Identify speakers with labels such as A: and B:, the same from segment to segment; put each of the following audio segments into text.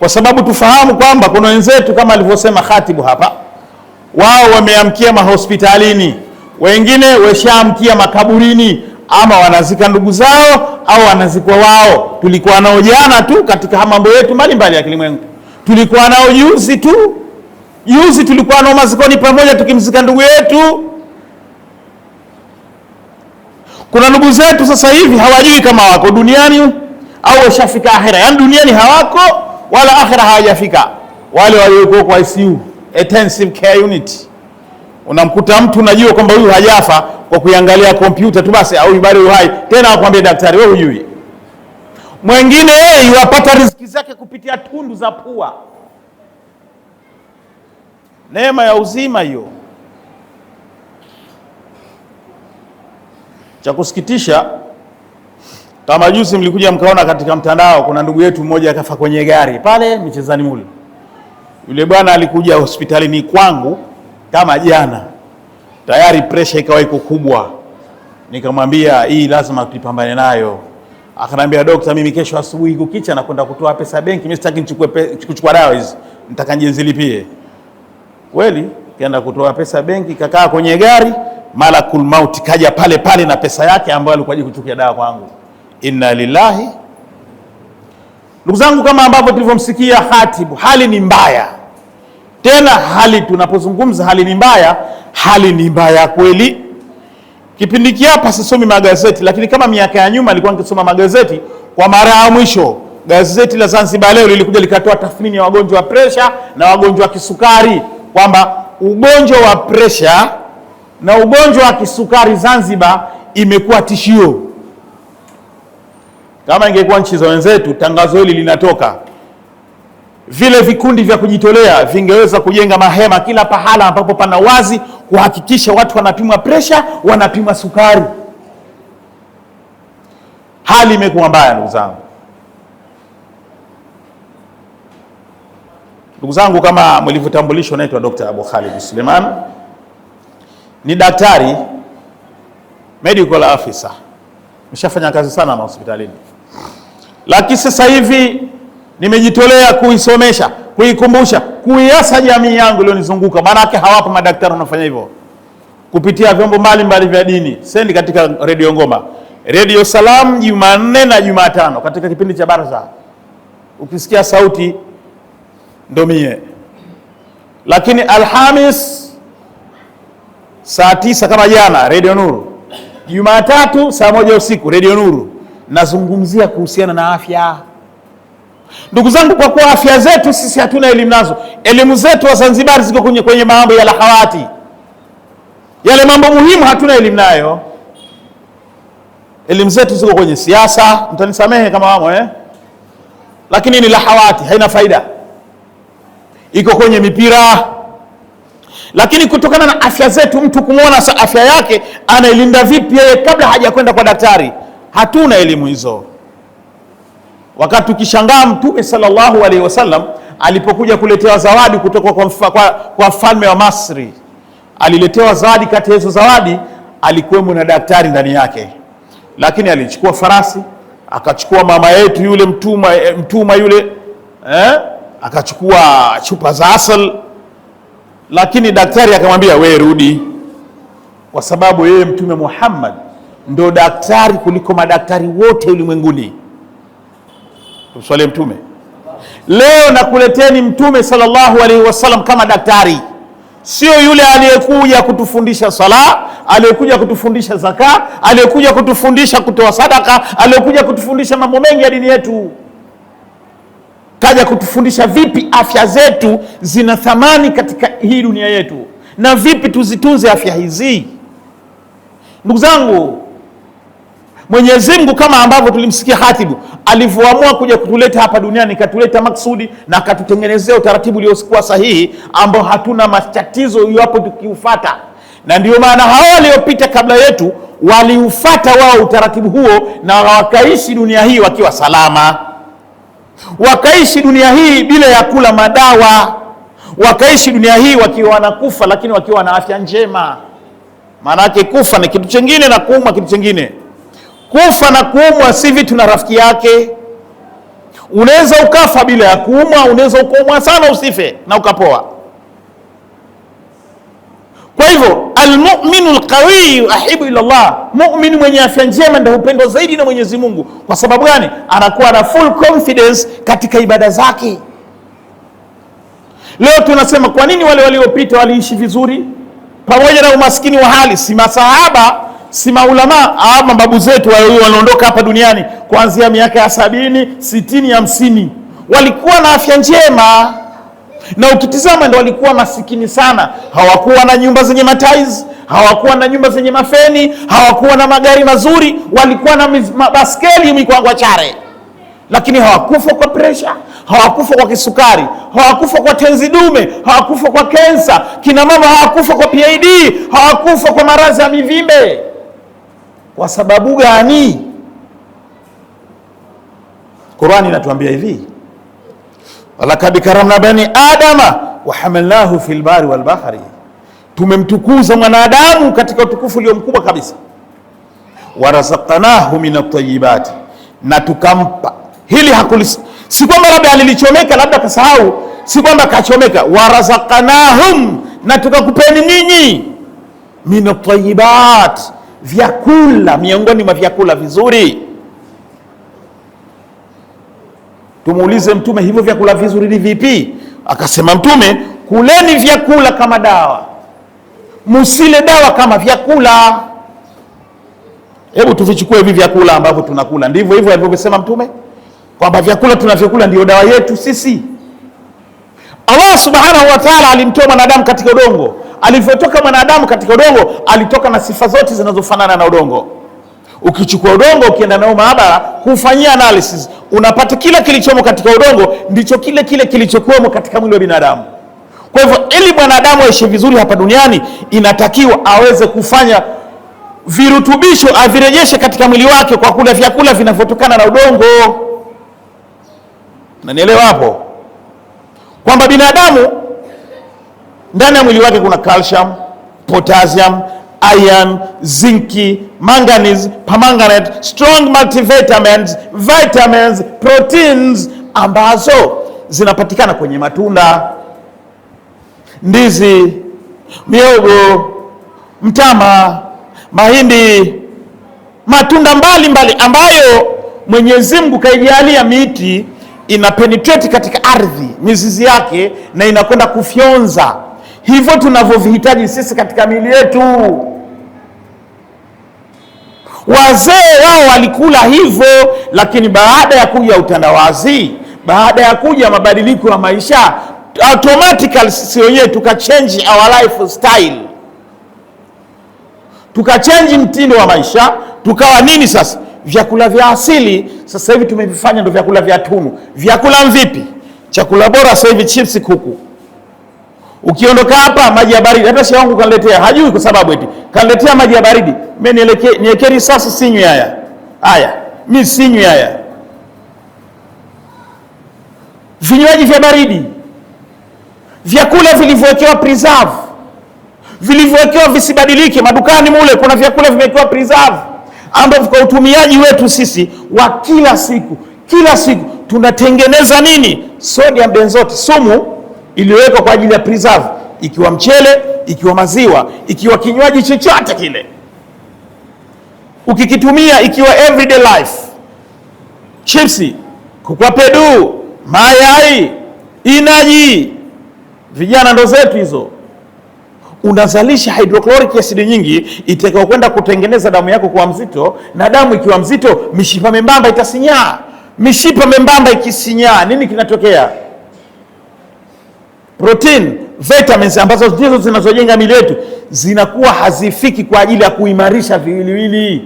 A: kwa sababu tufahamu kwamba kuna wenzetu kama alivyosema khatibu hapa, wao wameamkia mahospitalini, wengine washaamkia makaburini, ama wanazika ndugu zao au wanazikwa wao. Tulikuwa nao jana tu katika mambo yetu mbalimbali ya kilimwengu, tulikuwa nao juzi tu juzi, tulikuwa nao mazikoni pamoja tukimzika ndugu yetu. Kuna ndugu zetu sasa hivi hawajui kama wako duniani au washafika ahera, yaani duniani hawako wala akhira hawajafika. Wale walioko kwa ICU, intensive care unit, unamkuta mtu unajua kwamba huyu hajafa kwa kuiangalia kompyuta tu basi, au bado hai tena, akwambia daktari, wewe hujui. Mwingine yeye yupata riziki zake kupitia tundu za pua. Neema ya uzima hiyo. Cha kusikitisha kama juzi mlikuja mkaona katika mtandao kuna ndugu yetu mmoja akafa kwenye gari pale Michezani mule. Yule bwana alikuja hospitalini kwangu kama jana, tayari presha ikawa iko kubwa, nikamwambia hii lazima tupambane nayo. Akanambia dokta, mimi kesho asubuhi kukicha nakwenda kutoa pesa benki, mimi sitaki nichukue kuchukua dawa hizi, nitaka nijizilipie. Kweli kaenda kutoa pesa benki, kakaa kwenye gari, malakul mauti kaja pale pale na pesa yake ambayo alikuwa ajikuchukia dawa kwangu. kwa inna lillahi. Ndugu zangu, kama ambavyo tulivyomsikia Hatibu, hali ni mbaya tena. Hali tunapozungumza hali ni mbaya, hali ni mbaya kweli. Kipindi kiapa sisomi magazeti, lakini kama miaka ya nyuma nilikuwa nikisoma magazeti. Kwa mara ya mwisho gazeti la Zanzibar Leo lilikuja likatoa tathmini ya wagonjwa wa presha na wagonjwa wa kisukari kwamba ugonjwa wa presha na ugonjwa wa kisukari Zanzibar imekuwa tishio kama ingekuwa nchi za wenzetu, tangazo hili linatoka, vile vikundi vya kujitolea vingeweza kujenga mahema kila pahala ambapo pana wazi, kuhakikisha watu wanapimwa presha, wanapimwa sukari. Hali imekuwa mbaya, ndugu zangu. Ndugu zangu, kama mlivyotambulishwa, naitwa Dr. Abu Khalid Suleiman, ni daktari medical officer, meshafanya kazi sana mahospitalini. Lakini sasa hivi nimejitolea kuisomesha, kuikumbusha, kuiasa jamii yangu iliyonizunguka, maanake hawapo madaktari wanafanya hivyo kupitia vyombo mbalimbali vya dini. Sendi katika redio Ngoma, redio Salam, Jumanne na Jumatano katika kipindi cha Baraza, ukisikia sauti ndo mie. Lakini Alhamis saa tisa kama jana, redio Nuru. Jumatatu saa moja usiku, redio Nuru nazungumzia kuhusiana na afya. Ndugu zangu, kwa kuwa afya zetu sisi hatuna elimu nazo, elimu zetu wa Zanzibar ziko kwenye, kwenye mambo ya lahawati, yale mambo muhimu hatuna elimu nayo. Elimu zetu ziko kwenye siasa, mtanisamehe kama wamo eh? Lakini ni lahawati, haina faida, iko kwenye mipira. Lakini kutokana na afya zetu, mtu kumwona afya yake anailinda vipi yeye kabla hajakwenda kwa daktari hatuna elimu hizo. Wakati ukishangaa Mtume sallallahu alaihi wasallam alipokuja kuletewa zawadi kutoka kwa mfalme kwa wa Masri, aliletewa zawadi. Kati ya hizo zawadi alikuwemo na daktari ndani yake, lakini alichukua farasi, akachukua mama yetu yule mtuma, e, mtuma yule eh? akachukua chupa za asal, lakini daktari akamwambia, we rudi, kwa sababu yeye Mtume Muhammad ndo daktari kuliko madaktari wote ulimwenguni. Tumswalie Mtume. Leo nakuleteni Mtume sallallahu alaihi wasallam kama daktari, sio yule aliyekuja kutufundisha sala, aliyekuja kutufundisha zaka, aliyekuja kutufundisha kutoa sadaka, aliyekuja kutufundisha mambo mengi ya dini yetu. Kaja kutufundisha vipi afya zetu zina thamani katika hii dunia yetu, na vipi tuzitunze afya hizi. Ndugu zangu Mwenyezi Mungu kama ambavyo tulimsikia hatibu alivyoamua kuja kutuleta hapa duniani, katuleta maksudi na akatutengenezea utaratibu uliokuwa sahihi ambao hatuna matatizo iwapo tukiufata, na ndio maana hao waliopita kabla yetu waliufata wao utaratibu huo na wakaishi dunia hii wakiwa salama, wakaishi dunia hii bila ya kula madawa, wakaishi dunia hii wakiwa wanakufa, lakini wakiwa na afya njema. Maana yake kufa ni kitu chingine na kuumwa kitu chingine. Kufa na kuumwa si vitu na rafiki yake. Unaweza ukafa bila ya kuumwa, unaweza ukaumwa sana usife na ukapoa. Kwa hivyo almuminu lqawiyu ahibu ila llah, mumin mwenye afya njema ndio hupendwa zaidi na Mwenyezi Mungu. Kwa sababu gani? Anakuwa na full confidence katika ibada zake. Leo tunasema kwa nini wale waliopita waliishi vizuri pamoja na umaskini wa hali? Si masahaba si maulama ama babu zetu wao wanaondoka hapa duniani kuanzia miaka ya sabini, sitini, hamsini, walikuwa na afya njema, na ukitizama ndo walikuwa masikini sana. Hawakuwa na nyumba zenye mataizi, hawakuwa na nyumba zenye mafeni, hawakuwa na magari mazuri, walikuwa na mabaskeli mikwangwa chare, lakini hawakufa kwa presha, hawakufa kwa kisukari, hawakufa kwa tenzi dume, hawakufa kwa kensa. Kina mama hawakufa kwa PID, hawakufa kwa maradhi ya mivimbe kwa sababu gani? Qurani inatuambia hivi, walakad karamna bani adama wa hamalnahu fil bari wal bahri, tumemtukuza mwanadamu katika utukufu ulio mkubwa kabisa. Warazaqnahu min at na tukampa hili hakulis, si kwamba labda alilichomeka, labda kasahau, si kwamba kachomeka. Warazaqnahum, na tukakupeni ninyi min at vyakula miongoni mwa vyakula vizuri. Tumuulize Mtume, hivyo vyakula vizuri ni vipi? Akasema Mtume, kuleni vyakula kama dawa, musile dawa kama vyakula. Hebu tuvichukue hivi vyakula ambavyo tunakula, ndivyo hivyo alivyosema Mtume kwamba vyakula tunavyokula ndio dawa yetu sisi. Allah subhanahu wa ta'ala alimtoa mwanadamu katika udongo alivyotoka mwanadamu katika udongo, alitoka na sifa zote zinazofanana na udongo. Ukichukua udongo ukienda nao maabara kufanyia analysis, unapata kila kilichomo katika udongo ndicho kile kile kilichokuwemo katika mwili wa binadamu. Kwa hivyo, ili mwanadamu aishi vizuri hapa duniani, inatakiwa aweze kufanya virutubisho, avirejeshe katika mwili wake kwa kula vyakula vinavyotokana na udongo. Nanielewa hapo kwamba binadamu ndani ya mwili wake kuna calcium, potassium, iron, zinki, manganese, permanganate, strong multivitamins, vitamins, proteins ambazo zinapatikana kwenye matunda, ndizi, miogo, mtama, mahindi, matunda mbalimbali mbali ambayo Mwenyezi Mungu kaijalia miti ina penetrate katika ardhi mizizi yake na inakwenda kufyonza hivyo tunavyovihitaji sisi katika miili yetu. Wazee wao walikula hivyo, lakini baada ya kuja utandawazi, baada ya kuja mabadiliko ya maisha, automatically sisi wenyewe tukachange our lifestyle, tukachange mtindo wa maisha, tukawa nini sasa? Vyakula vya asili sasa hivi tumevifanya ndo vyakula vya tunu. Vyakula mvipi? Chakula bora sasa hivi chipsi, kuku Ukiondoka hapa maji ya baridi, hata shehe wangu kaniletea, hajui kwa sababu eti kaniletea maji ya baridi, mimi nielekee risasi, sinywi haya haya, mimi sinywi haya vinywaji vya baridi, vyakula vilivyowekewa preserve, vilivyowekewa visibadilike. Madukani mule kuna vyakula vimewekewa preserve, ambavyo kwa utumiaji wetu sisi wa kila siku, kila siku tunatengeneza nini? Sodium benzoate, sumu iliyowekwa kwa ajili ya preserve, ikiwa mchele, ikiwa maziwa, ikiwa kinywaji chochote kile, ukikitumia ikiwa everyday life, chipsi, kukwa pedu, mayai, inaji, vijana ndo zetu hizo unazalisha hydrochloric acid nyingi itakao kwenda kutengeneza damu yako kuwa mzito, na damu ikiwa mzito, mishipa membamba itasinyaa. Mishipa membamba ikisinyaa, nini kinatokea? protein, vitamins ambazo ndizo zinazojenga miili yetu zinakuwa hazifiki kwa ajili ya kuimarisha viwiliwili.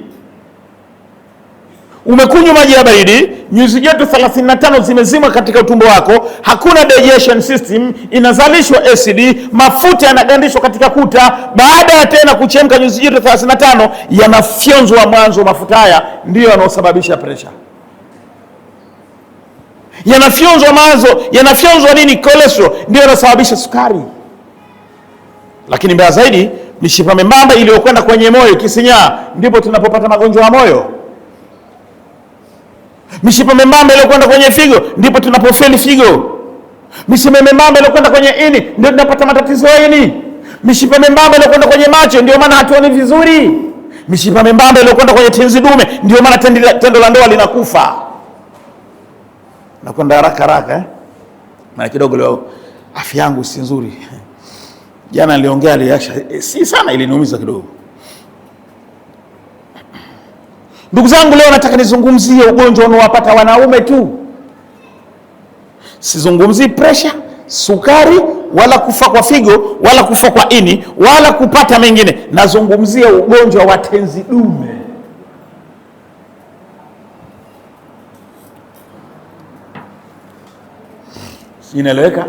A: Umekunywa maji ya baridi, nyuzi joto 35 zimezimwa katika utumbo wako, hakuna digestion system, inazalishwa acid mafuta yanagandishwa katika kuta. Baada ya tena kuchemka, nyuzi joto 35 yanafyonzwa mwanzo. Mafuta haya ndiyo yanaosababisha pressure yanafyonzwa mazo, yanafyonzwa nini, cholesterol ndio yanasababisha sukari. Lakini mbaya zaidi, mishipa membamba iliyokwenda kwenye moyo ikisinyaa, ndipo tunapopata magonjwa ya moyo. Mishipa membamba iliyokwenda kwenye figo, ndipo tunapofeli figo. Mishipa membamba iliyokwenda kwenye ini, ndio tunapata matatizo ya ini. Mishipa membamba iliyokwenda kwenye macho, ndio maana hatuoni vizuri. Mishipa membamba iliyokwenda kwenye tenzi dume, ndio maana tendo la ndoa linakufa nakwenda haraka haraka eh? Maana kidogo leo afya yangu si nzuri. Jana niliongea liasha e, eh, si sana, iliniumiza kidogo. Ndugu zangu, leo nataka nizungumzie ugonjwa unaowapata wanaume tu. Sizungumzii pressure, sukari wala kufa kwa figo wala kufa kwa ini wala kupata mengine. Nazungumzia ugonjwa wa tenzi dume. Inaeleweka?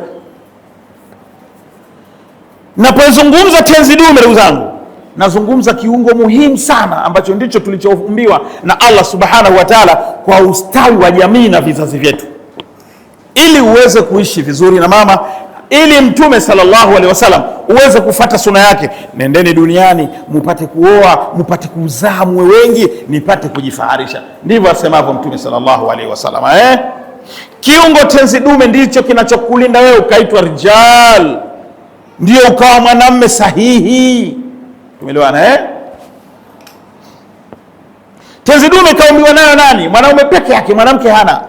A: Napozungumza tenzi dume, ndugu zangu, nazungumza kiungo muhimu sana ambacho ndicho tulichoumbiwa na Allah subhanahu wa taala kwa ustawi wa jamii na vizazi vyetu, ili uweze kuishi vizuri na mama, ili Mtume sallallahu alaihi wasallam uweze kufata suna yake, nendeni duniani mupate kuoa mupate kuzaa muwe wengi nipate kujifaharisha. Ndivyo asemavyo Mtume sallallahu alaihi wasallam eh? Kiungo tenzi dume ndicho kinachokulinda wewe ukaitwa rijal, ndio ukawa mwanamme sahihi. Tumeelewana eh? Tenzi dume kaumbiwa nayo nani? Mwanaume peke yake, mwanamke hana.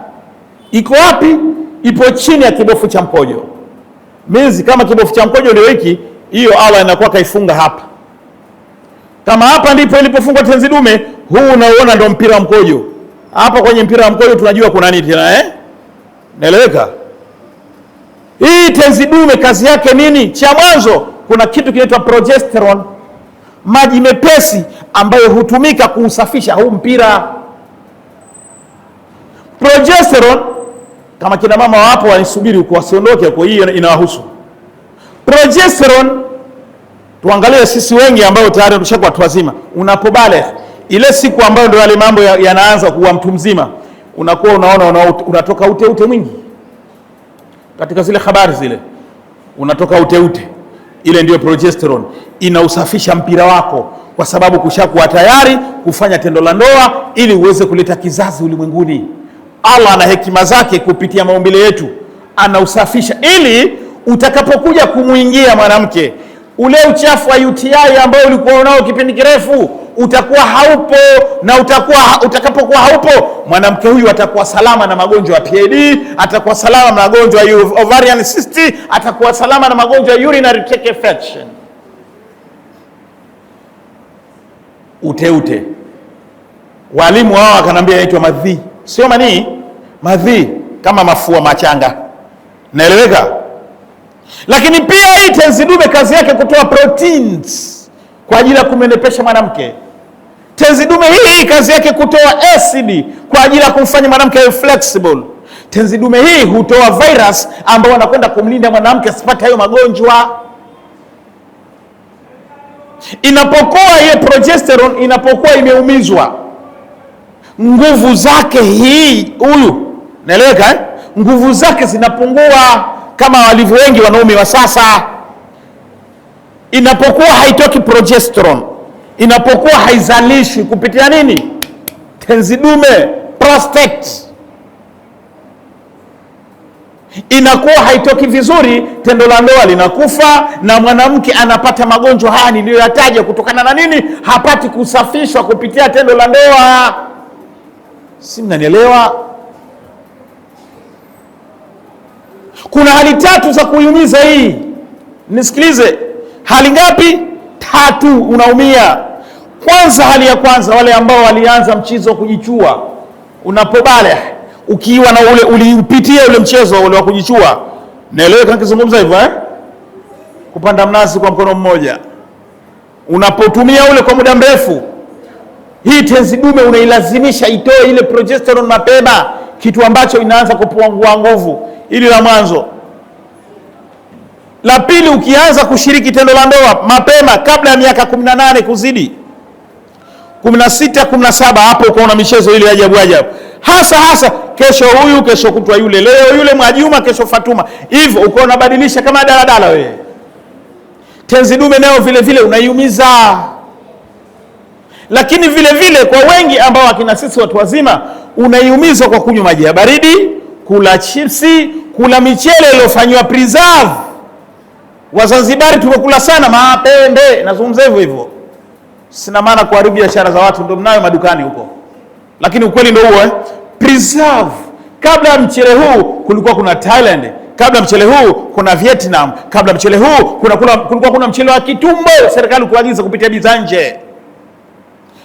A: Iko wapi? Ipo chini ya kibofu cha mkojo Mezi Kama kibofu cha mkojo ndio hiki, hiyo Allah inakuwa kaifunga hapa. Kama hapa ndipo ilipofungwa tenzi dume, huu unaoona ndio mpira wa mkojo. Hapa kwenye mpira wa mkojo tunajua kuna nini tena eh? Naeleweka? Hii tenzi dume kazi yake nini? Cha mwanzo kuna kitu kinaitwa progesterone, maji mepesi ambayo hutumika kuusafisha huu mpira. Progesterone kama kina mama wapo wanisubiri huko wasiondoke huko, hii inawahusu. Progesterone tuangalie sisi wengi ambao tayari tushakuwa watu wazima, unapobale ile siku ambayo ndio yale mambo yanaanza ya kuwa mtu mzima unakuwa unaona una, unatoka uteute ute mwingi katika zile habari zile, unatoka uteute ute. Ile ndiyo progesterone inausafisha mpira wako, kwa sababu kushakuwa tayari kufanya tendo la ndoa ili uweze kuleta kizazi ulimwenguni. Allah na hekima zake kupitia maumbile yetu anausafisha ili utakapokuja kumwingia mwanamke ule uchafu wa UTI ambao ulikuwa unao kipindi kirefu utakuwa haupo, na utakuwa utakapokuwa haupo, mwanamke huyu atakuwa salama na magonjwa ya PID, atakuwa salama na magonjwa ya ovarian cyst, atakuwa salama na magonjwa ya urinary tract infection. Ute ute walimu wao wakanambia inaitwa madhi, sio mani madhi, kama mafua machanga, naeleweka. Lakini pia hii tenzi dume kazi yake kutoa proteins kwa ajili ya kumenepesha mwanamke. Tenzi dume hii kazi yake kutoa acid kwa ajili ya kumfanya mwanamke awe flexible. Tenzi dume hii hutoa virus ambao wanakwenda kumlinda mwanamke asipate hayo magonjwa. Inapokuwa ile progesterone inapokuwa imeumizwa, nguvu zake hii huyu, naeleweka eh? Nguvu zake zinapungua kama walivyo wengi wanaume wa sasa. Inapokuwa haitoki progesterone inapokuwa haizalishwi kupitia nini? Tenzi dume prostate inakuwa haitoki vizuri, tendo la ndoa linakufa na mwanamke anapata magonjwa haya niliyoyataja. Kutokana na nini? Hapati kusafishwa kupitia tendo la ndoa. Si mnanielewa? Kuna hali tatu za kuiumiza hii, nisikilize. Hali ngapi? tatu unaumia. Kwanza, hali ya kwanza, wale ambao walianza mchezo wa kujichua, unapobale ukiwa na ule uliupitia ule mchezo ule wa kujichua. Naeleweka nikizungumza hivyo eh? Kupanda mnazi kwa mkono mmoja, unapotumia ule kwa muda mrefu, hii tezi dume unailazimisha itoe ile progesterone mapema, kitu ambacho inaanza kupungua nguvu. Ili la mwanzo la pili, ukianza kushiriki tendo la ndoa mapema kabla ya miaka 18 kuzidi 16, 17, hapo ukaona michezo ile ajabu ajabu, hasa hasa kesho huyu, kesho kutwa yule, leo yule Mwajuma, kesho Fatuma, hivyo uko unabadilisha kama daladala wewe. Tenzi dume nayo vile vile unaiumiza, lakini vile vile kwa wengi ambao akina sisi watu wazima unaiumiza kwa kunywa maji ya baridi, kula chipsi, kula michele iliyofanywa preserve Wazanzibari tumekula sana mapembe, nazungumza hivyo hivyo, sina maana kuharibu biashara za watu, ndio mnayo madukani huko, lakini ukweli ndio huo eh? Preserve. Kabla ya mchele huu kulikuwa kuna Thailand, kabla mchele huu kuna Vietnam, kabla mchele huu kuna, kuna, kulikuwa kuna mchele wa kitumbo, serikali kuagiza kupitia bidhaa nje,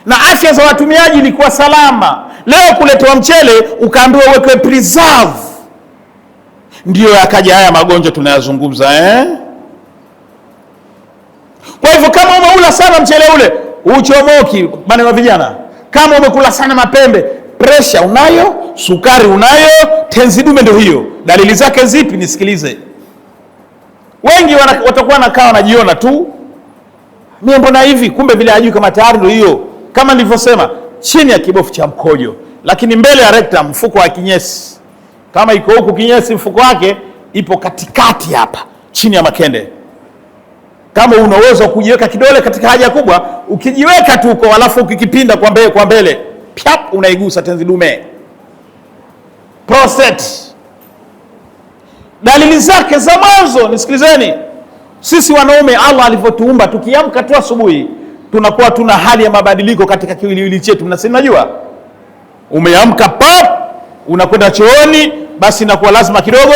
A: na afya za watumiaji ilikuwa salama. Leo kuletewa mchele ukaambiwa uwekwe preserve, ndiyo yakaja haya magonjwa tunayazungumza eh? Kwa hivyo kama umeula sana mchele ule uchomoki, maneno wa vijana. Kama umekula sana mapembe, presha unayo, sukari unayo, tenzi dume ndio hiyo. Dalili zake zipi? Nisikilize. Wengi watakuwa nakaa wanajiona tu, mimi mbona hivi, kumbe vile hajui kama tayari ndio hiyo, kama nilivyosema, chini ya kibofu cha mkojo, lakini mbele ya rekta mfuko wa kinyesi. Kama iko huku kinyesi, mfuko wake ipo katikati hapa, chini ya makende kama unaweza kujiweka kidole katika haja kubwa, ukijiweka tu uko, alafu ukikipinda kwa mbele kwa mbele, pyap, unaigusa tenzi dume. Prostate, dalili zake za mwanzo, nisikilizeni. Sisi wanaume Allah alivyotuumba, tukiamka tu asubuhi tunakuwa tuna hali ya mabadiliko katika kiwiliwili chetu, na si najua umeamka pap, unakwenda chooni, basi inakuwa lazima kidogo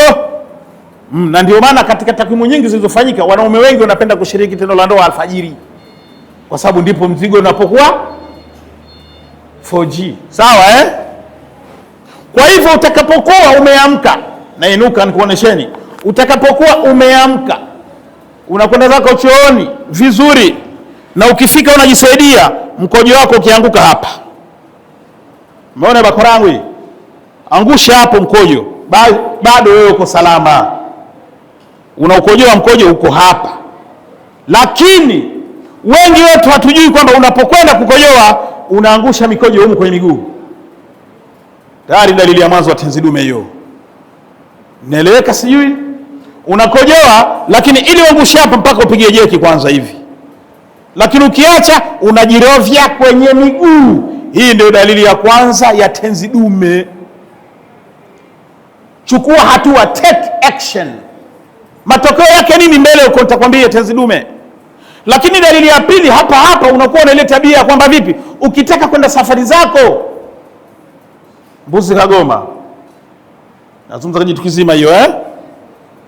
A: Mm, na ndio maana katika takwimu nyingi zilizofanyika wanaume wengi wanapenda kushiriki tendo la ndoa alfajiri, kwa sababu ndipo mzigo unapokuwa 4G. Sawa eh? Kwa hivyo utakapokuwa umeamka, nainuka nikuonesheni, utakapokuwa umeamka unakwenda zako chooni vizuri, na ukifika unajisaidia, mkojo wako ukianguka hapa, umeona bakorangu, angusha hapo mkojo, bado wewe uko salama. Unaukojoa mkojo uko hapa, lakini wengi wetu hatujui kwamba unapokwenda kukojoa unaangusha mikojo humu kwenye miguu. Tayari dalili ya mwanzo wa tenzi dume hiyo. Naeleweka sijui? Unakojoa lakini ili uangushe hapa mpaka upige jeki kwanza hivi, lakini ukiacha unajirovya kwenye miguu. Hii ndio dalili ya kwanza ya tenzi dume. Chukua hatua, take action. Matokeo yake nini mbele huko nitakwambia tenzi dume. Lakini dalili ya pili hapa hapa unakuwa na ile tabia ya kwamba vipi, ukitaka kwenda safari zako mbuzi kagoma, nazungumza kitu kizima hiyo eh?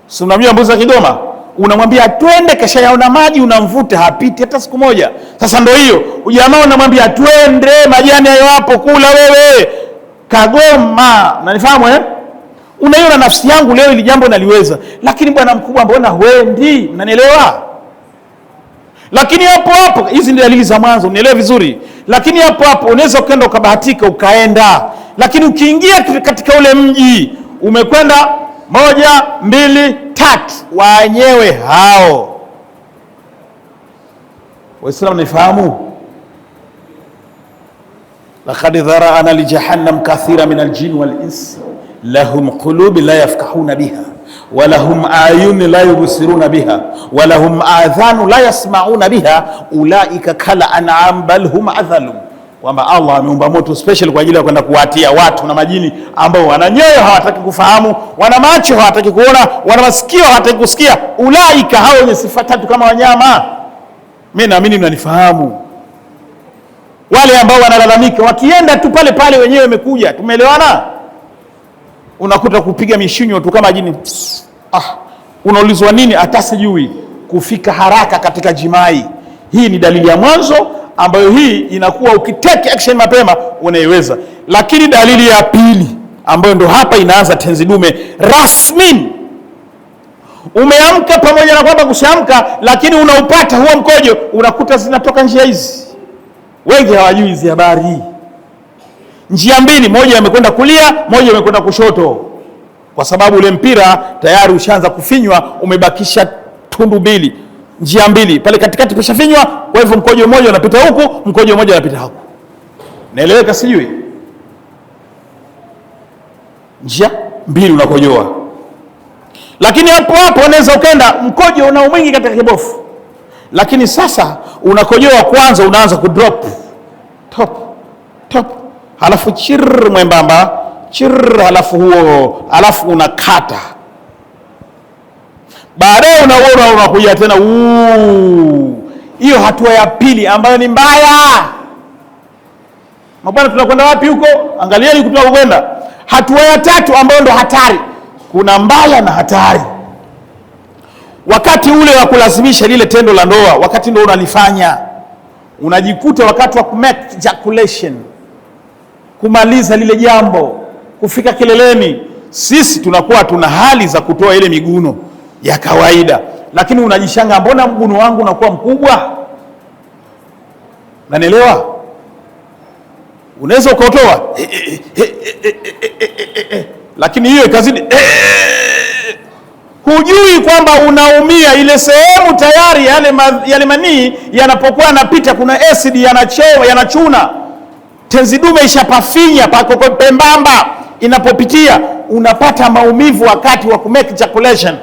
A: Si unamjua mbuzi wa Kigoma, unamwambia twende, kesha yaona maji, unamvuta hapiti hata siku moja. Sasa ndio hiyo ujamaa, unamwambia twende, majani hayo hapo, kula wewe kagoma, unanifahamu eh? Unaiona nafsi yangu leo ili jambo naliweza, lakini bwana mkubwa, mbona huendi? Mnanielewa? Lakini hapo hapo, hizi ndio dalili za mwanzo, unielewe vizuri. Lakini hapo hapo unaweza ukaenda ukabahatika ukaenda, lakini ukiingia katika ule mji umekwenda moja, mbili, tatu, wenyewe hao. Waislamu nifahamu, lakad dharaana lijahannam kathira min aljin wal lahum qulubi la yafkahuna biha walahum ayuni la yubsiruna biha walahum adhanu la yasmauna biha ulaika kala an'am bal hum adhalu, kwamba Allah ameumba moto special kwa ajili ya kwenda kuwatia watu na majini ambao wana nyoyo hawataki kufahamu, wana macho hawataki kuona, wana masikio hawataki kusikia. Ulaika, hao wenye sifa tatu kama wanyama. Mimi naamini mnanifahamu wale ambao wanalalamika, wakienda tu pale pale wenyewe, wamekuja, Tumeelewana? unakuta kupiga mishinyo tu kama jini ah, unaulizwa nini? Hata sijui. Kufika haraka katika jimai, hii ni dalili ya mwanzo ambayo hii inakuwa ukitake action mapema unaiweza. Lakini dalili ya pili ambayo ndo hapa inaanza tenzi dume rasmi, umeamka pamoja na kwamba kushamka, lakini unaupata huo mkojo, unakuta zinatoka njia hizi. Wengi hawajui hizi habari njia mbili, moja imekwenda kulia, moja imekwenda kushoto, kwa sababu ule mpira tayari ushaanza kufinywa, umebakisha tundu mbili, njia mbili pale katikati kushafinywa. Kwa hivyo mkojo mmoja unapita huku, mkojo mmoja unapita huku. Naeleweka? Sijui njia mbili unakojoa, lakini hapo hapo unaweza ukenda mkojo una mwingi katika kibofu, lakini sasa unakojoa kwanza, unaanza kudrop top top halafu chir mwembamba chir, halafu huo, halafu unakata. Baadaye unaona unakuja tena hiyo hatua ya pili ambayo ni mbaya. Mabwana, tunakwenda wapi huko? Angalieni tunakokwenda. Hatua ya tatu ambayo ndo hatari, kuna mbaya na hatari. Wakati ule wa kulazimisha lile tendo la ndoa, wakati ndo unalifanya unajikuta wakati wa make ejaculation kumaliza lile jambo, kufika kileleni. Sisi tunakuwa tuna hali za kutoa ile miguno ya kawaida, lakini unajishanga, mbona mguno wangu unakuwa mkubwa? Nanielewa, unaweza ukaotoa lakini hiyo ikazidi hujui kwamba unaumia ile sehemu tayari. Yale, yale manii yanapokuwa yanapita, kuna asidi yanachuna Tenzi dume ishapafinya pako pembamba, inapopitia unapata maumivu wakati wa kumake ejaculation.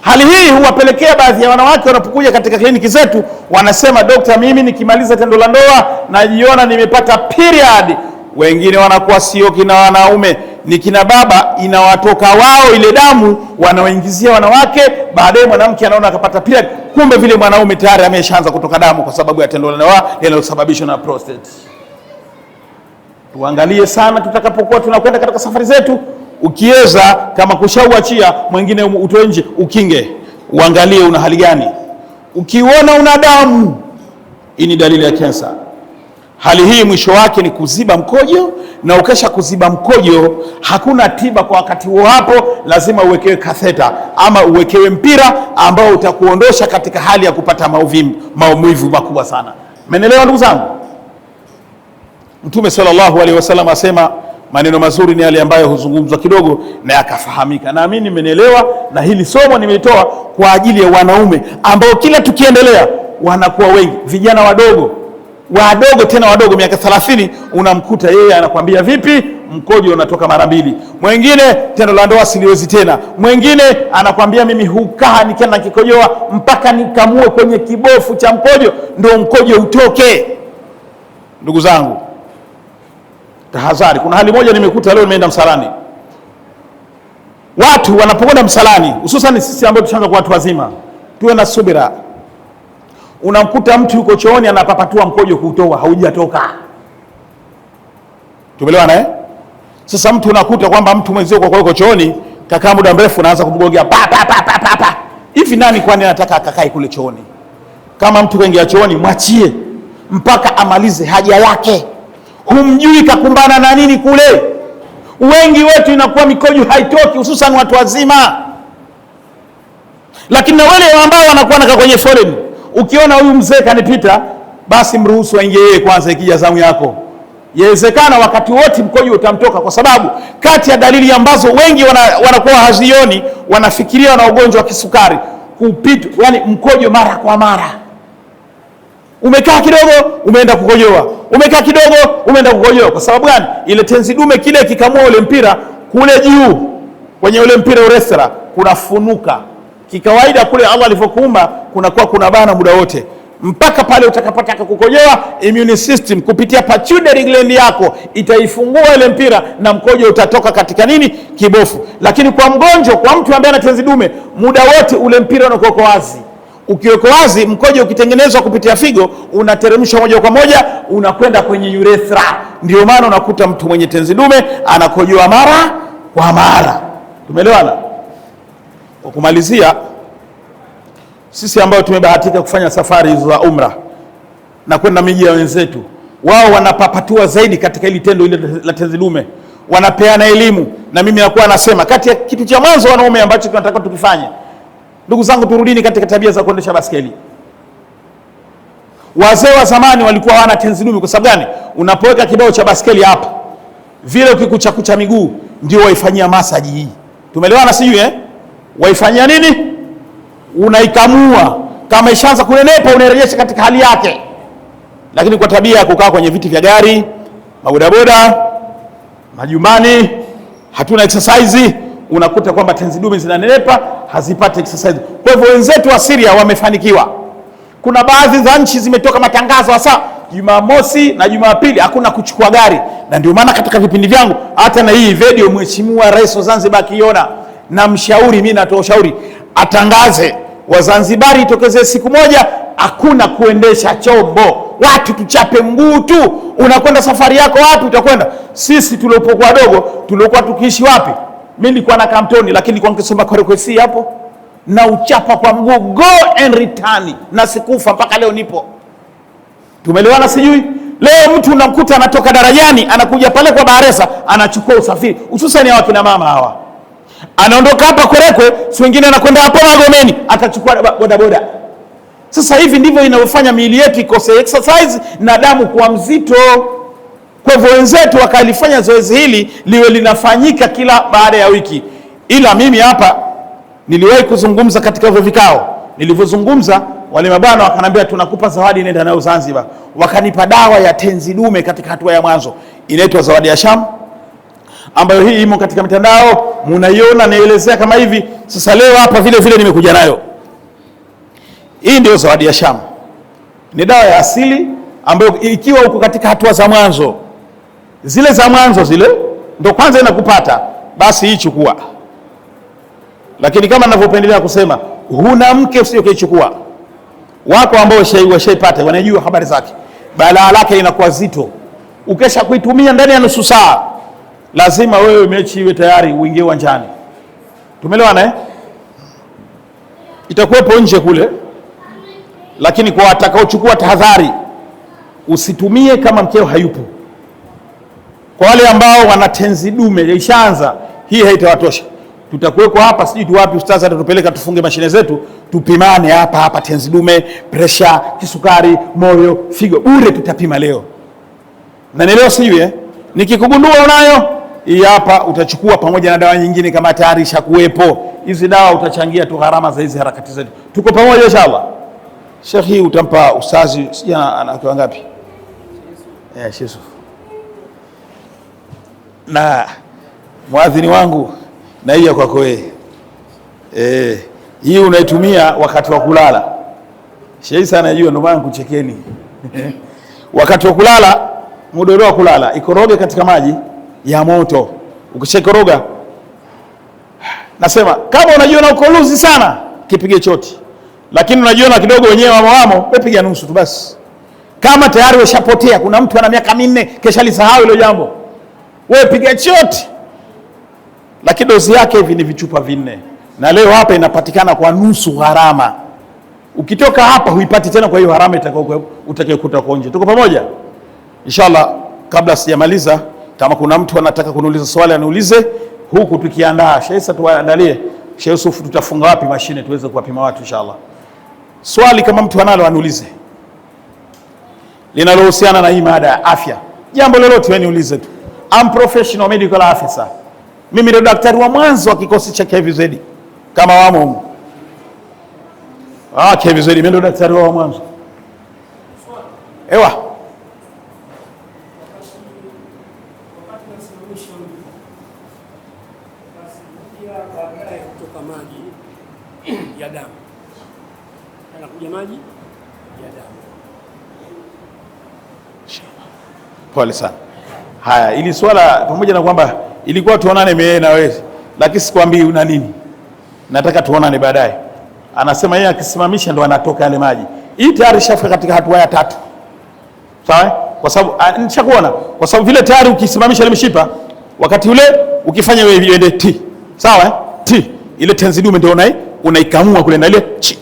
A: Hali hii huwapelekea baadhi ya wanawake wanapokuja katika kliniki zetu, wanasema dokta, mimi nikimaliza tendo la ndoa najiona nimepata period. Wengine wanakuwa sio kina wanaume, ni kina baba, inawatoka wao ile damu, wanaoingizia wanawake. Baadaye mwanamke anaona akapata period, kumbe vile mwanaume tayari ameshaanza kutoka damu kwa sababu ya tendo la ndoa linalosababishwa na prostate. Tuangalie sana tutakapokuwa tunakwenda katika safari zetu. Ukiweza kama kushauachia mwingine, utoe nje, ukinge, uangalie una hali gani. Ukiona una damu, hii ni dalili ya kensa. Hali hii mwisho wake ni kuziba mkojo, na ukesha kuziba mkojo, hakuna tiba kwa wakati huo hapo, lazima uwekewe katheta ama uwekewe mpira ambao utakuondosha katika hali ya kupata maumivu makubwa sana. Menelewa ndugu zangu? Mtume sallallahu alaihi wasallam asema maneno mazuri ni yale ambayo huzungumzwa kidogo na yakafahamika. Naamini mmenielewa, na hili somo nimeitoa kwa ajili ya wanaume ambao kila tukiendelea wanakuwa wengi, vijana wadogo wadogo tena wadogo, miaka 30 unamkuta yeye anakwambia vipi, mkojo unatoka mara mbili, mwingine tendo la ndoa siliwezi tena, mwingine anakwambia mimi hukaa nikienda kikojoa mpaka nikamue kwenye kibofu cha mkojo ndo mkojo utoke. Ndugu zangu Tahadhari. Kuna hali moja nimekuta leo, nimeenda msalani, watu wanapokwenda msalani, hususan sisi ambao tushanga kwa watu wazima, tuwe na subira. Unamkuta mtu yuko chooni anapapatua mkojo kuutoa, haujatoka. Tumeelewana eh? Sasa mtu unakuta kwamba mtu mwenzio kwa kwako chooni, kakaa muda mrefu, naanza kumgongea pa pa pa pa pa pa. Hivi nani kwani anataka akakae kule chooni? Kama mtu kaingia chooni, mwachie mpaka amalize haja yake humjui kakumbana na nini kule. Wengi wetu inakuwa mikojo haitoki, hususan watu wazima. Lakini na wale ambao wanakuwa naka kwenye foreni ukiona huyu mzee kanipita, basi mruhusu aingie yeye kwanza, ikija zamu yako. Yawezekana wakati wote mkojo utamtoka, kwa sababu kati ya dalili ambazo wengi wanakuwa hazioni, wanafikiria na ugonjwa wa kisukari, kupita yani mkojo mara kwa mara Umekaa kidogo umeenda kukojoa, umekaa kidogo umeenda kukojoa. Kwa sababu gani? Ile tenzi dume kile kikamua ule mpira kule juu kwenye ule mpira uresera kunafunuka. Kikawaida kule Allah alivyokuumba kunakuwa kuna bana muda wote, mpaka pale utakapotaka kukojoa, immune system kupitia pituitary gland yako itaifungua ile mpira na mkojo utatoka katika nini, kibofu. Lakini kwa mgonjwa, kwa mtu ambaye ana tenzi dume, muda wote ule mpira unakuwa wazi ukiweko wazi, mkojo ukitengenezwa kupitia figo unateremshwa moja kwa moja unakwenda kwenye urethra. Ndio maana unakuta mtu mwenye tenzi dume anakojoa mara kwa mara. Tumeelewana? Kwa kumalizia, sisi ambao tumebahatika kufanya safari za umra na kwenda miji ya wenzetu, wao wanapapatua zaidi katika hili tendo ile la tenzi dume, wanapeana elimu, na mimi nakuwa nasema kati ya kitu cha mwanzo wanaume ambacho tunataka tukifanye Ndugu zangu, turudini katika tabia za kuendesha baskeli. Wazee wa zamani walikuwa wana tenzi dume. Kwa sababu gani? Unapoweka kibao cha baskeli hapa vile, ukikuchakucha miguu, ndio waifanyia masaji hii. Tumeelewana sijui eh? Waifanyia nini? Unaikamua, kama ishaanza kunenepa unairejesha katika hali yake. Lakini kwa tabia ya kukaa kwenye viti vya gari, mabodaboda, majumbani, hatuna exercise unakuta kwamba tenzi dume zinanenepa, hazipati exercise. Kwa hivyo wenzetu wa Syria wamefanikiwa. Kuna baadhi za nchi zimetoka matangazo hasa Jumamosi na Jumapili hakuna kuchukua gari, na ndio maana katika vipindi vyangu hata na hii video, Mheshimiwa Rais wa Zanzibar akiona na mshauri, mimi natoa ushauri atangaze Wazanzibari, itokeze siku moja hakuna kuendesha chombo, watu tuchape mguu tu. Unakwenda safari yako wapi? Utakwenda sisi tuliopokuwa dogo, tuliokuwa tukiishi wapi? Mimi nilikuwa na Kamtoni, lakini nilikuwa nikisoma rekwesi hapo na uchapa kwa mguu go and return, na sikufa mpaka leo nipo. Tumeelewana sijui? Leo mtu unamkuta anatoka darajani anakuja pale kwa Bahresa anachukua usafiri, hususani ya wakina mama hawa, anaondoka hapa Kwerekwe, si wengine anakwenda hapo Magomeni akachukua bodaboda. Sasa hivi ndivyo inavyofanya miili yetu ikose exercise na damu kuwa mzito. Kwa hivyo wenzetu wakalifanya zoezi hili liwe linafanyika kila baada ya wiki, ila mimi hapa niliwahi kuzungumza katika hivyo vikao. Nilivyozungumza wale mabwana wakanambia, tunakupa zawadi, nenda nayo Zanzibar. Wakanipa dawa ya tenzi dume katika hatua ya mwanzo, inaitwa zawadi ya Sham, ambayo hii imo katika mitandao, munaiona, naelezea kama hivi. Sasa leo hapa vile vile nimekuja nayo hii. Ndio zawadi ya Sham, ni dawa ya asili ambayo ikiwa uko katika hatua za mwanzo zile za mwanzo zile ndo kwanza inakupata, basi hii chukua. Lakini kama ninavyopendelea kusema, huna mke usije kuichukua. Wako ambao washaipata wanajua habari zake, balaa lake linakuwa zito. Ukesha kuitumia ndani ya nusu saa, lazima wewe mechi iwe tayari, uingie uwanjani. Tumelewana eh? Itakuwepo nje kule, lakini kwa watakaochukua tahadhari, usitumie kama mkeo hayupo. Kwa wale ambao wana tenzi dume ishaanza hii, haitawatosha tutakuwekwa hapa, sijui tu wapi. Ustazi atatupeleka tufunge mashine zetu tupimane hapa hapa, tenzi dume, presha, kisukari, moyo, figo, bure tutapima leo na ni leo, sijui eh, nikikugundua unayo hii hapa, utachukua pamoja na dawa nyingine kama tayari ishakuwepo. Hizi dawa utachangia tu gharama za hizi harakati zetu. Tuko pamoja inshallah. Sheikh, hii utampa ustazi sijana, anakiwa ngapi? Eh, yeah, Yusuf na mwadhini wangu na hiyo kwako wewe eh, hii unaitumia wakati wa kulala. Shehi sana najua, ndio maana kuchekeni wakati wa kulala, mudoro wa kulala, ikoroge katika maji ya moto. Ukishakoroga nasema kama unajiona uko luzi sana, kipige choti, lakini unajiona kidogo wenyewe wamo wamo, piga nusu tu basi. Kama tayari ushapotea, kuna mtu ana miaka minne kesha lisahau hilo jambo wewe piga choti, lakini dozi yake hivi ni vichupa vinne, na leo hapa inapatikana kwa nusu gharama. Ukitoka hapa huipati tena kwa hiyo gharama utakayokuta kwa nje. Tuko pamoja inshallah. Kabla sijamaliza, kama kuna mtu anataka kuniuliza swali aniulize, huku tukiandaa Sheikh, tuandalie, Sheikh Yusuf, tutafunga wapi mashine tuweze kuwapima watu inshallah. Swali kama mtu analo aniulize, linalohusiana na hii mada ya afya, jambo lolote wewe niulize tu. I'm professional medical officer. Mimi ndio daktari wa mwanzo wa kikosi cha KVZ kama wamo. Ah, KVZ mimi ndio daktari wa mwanzo. Ewa.
B: ya damu. Anakuja maji ya damu. Pole sana. Haya, ili swala pamoja na kwamba ilikuwa tuonane mimi na wewe, lakini sikwambii una nini, nataka tuonane baadaye. Anasema yeye akisimamisha ndo anatoka yale maji. Hii tayari shafika katika hatua ya tatu, sawa? Kwa sababu ah, nishakuona, kwa sababu vile tayari ukisimamisha ile mishipa, wakati ule ukifanya wewe iende t, sawa? T ile tenzidume ndio unai unaikamua kule na ile chi,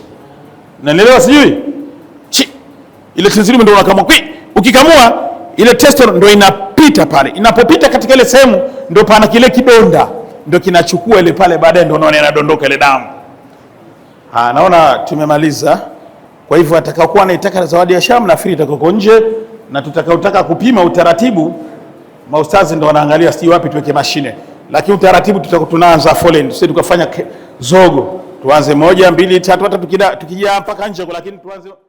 B: naelewa sijui chi ile tenzidume ndio unakamua, ukikamua ile testo ndio ina inapita pale, inapopita katika ile sehemu ndo pana kile kidonda, ndo kinachukua ile pale, baadaye ndo naona inadondoka ile damu. Ha, naona tumemaliza. Kwa hivyo atakaokuwa anaitaka zawadi ya Sham nafikiri itakoko nje, na tutakaotaka kupima utaratibu, maustazi ndo wanaangalia sijui wapi tuweke mashine, lakini utaratibu tunaanza foleni, sisi tukafanya zogo, tuanze moja mbili tatu, hata tukija mpaka nje, lakini tuanze